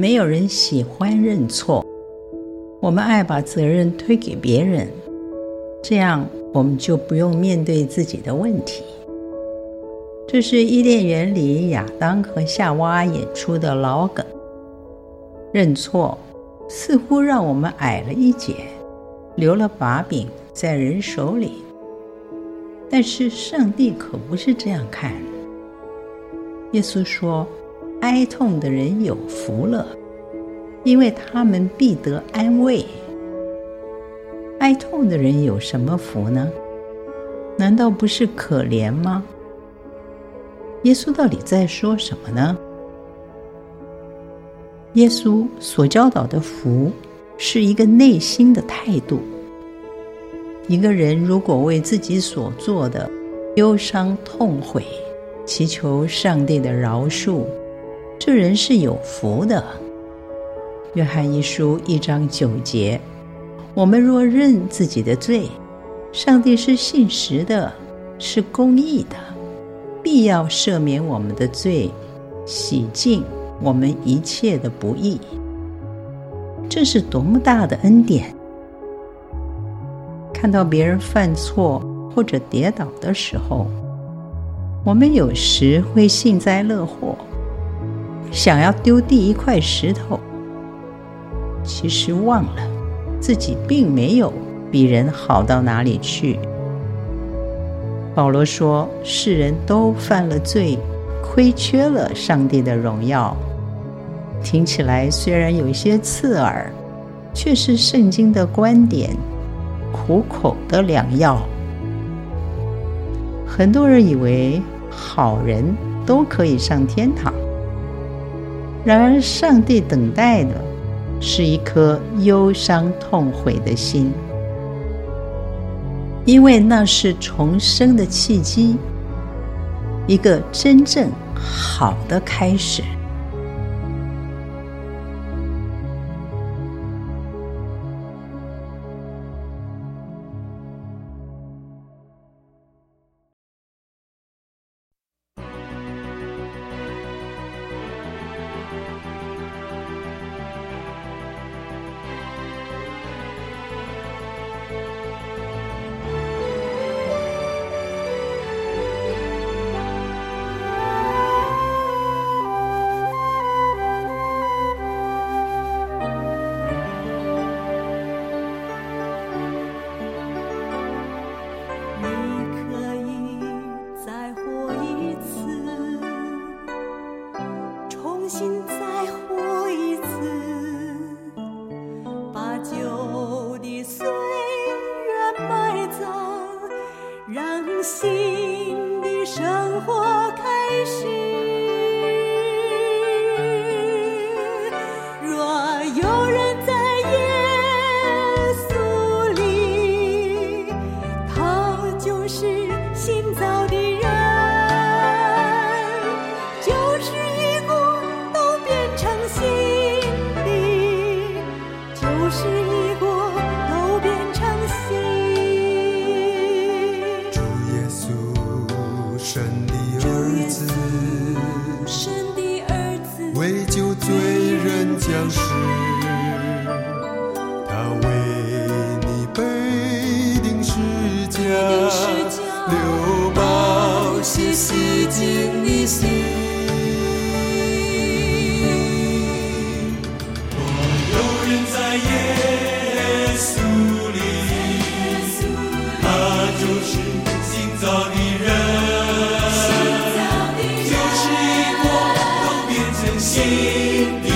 沒有人喜歡認錯，我們愛把責任推給別人，這樣我們就不用面對自己的問題。這是《伊甸園》裡亞當和夏娃演出的老梗。認錯似乎讓我們矮了一截，留了把柄在人手裡，但是上帝可不是這樣看。耶穌說。哀痛的人有福了，因為他們必得安慰。哀痛的人有什麼福呢？難道不是可憐嗎？耶穌到底在說什麼呢？耶穌所教導的福是一個內心的態度。一個人如果為自己所做的憂傷痛悔，祈求上帝的饒恕。這人是有福的，《約翰一書》一章九節：“我們若認自己的罪，上帝是信實的，是公義的，必要赦免我們的罪，洗淨我們一切的不義。”這是多麼大的恩典！看到別人犯錯或者跌倒的時候，我們有時會幸災樂禍。想要丟第一塊石頭，其實忘了自己並沒有比人好到哪裡去。保羅說：“世人都犯了罪，虧缺了上帝的榮耀。”聽起來雖然有一些刺耳，卻是聖經的觀點，苦口的良藥。很多人以為好人都可以上天堂。然而，上帝等待的是一顆憂傷、痛悔的心，因為那是重生的契機，一個真正好的開始。有人在耶穌裡，他就是新造的人，舊事已過都變成新的，舊事已過都變成新。主耶穌，神的兒子。流寶是洗淨的心，我、哦、有人在耶穌裡，他就是新造的人，新造的人就是已過都變成新。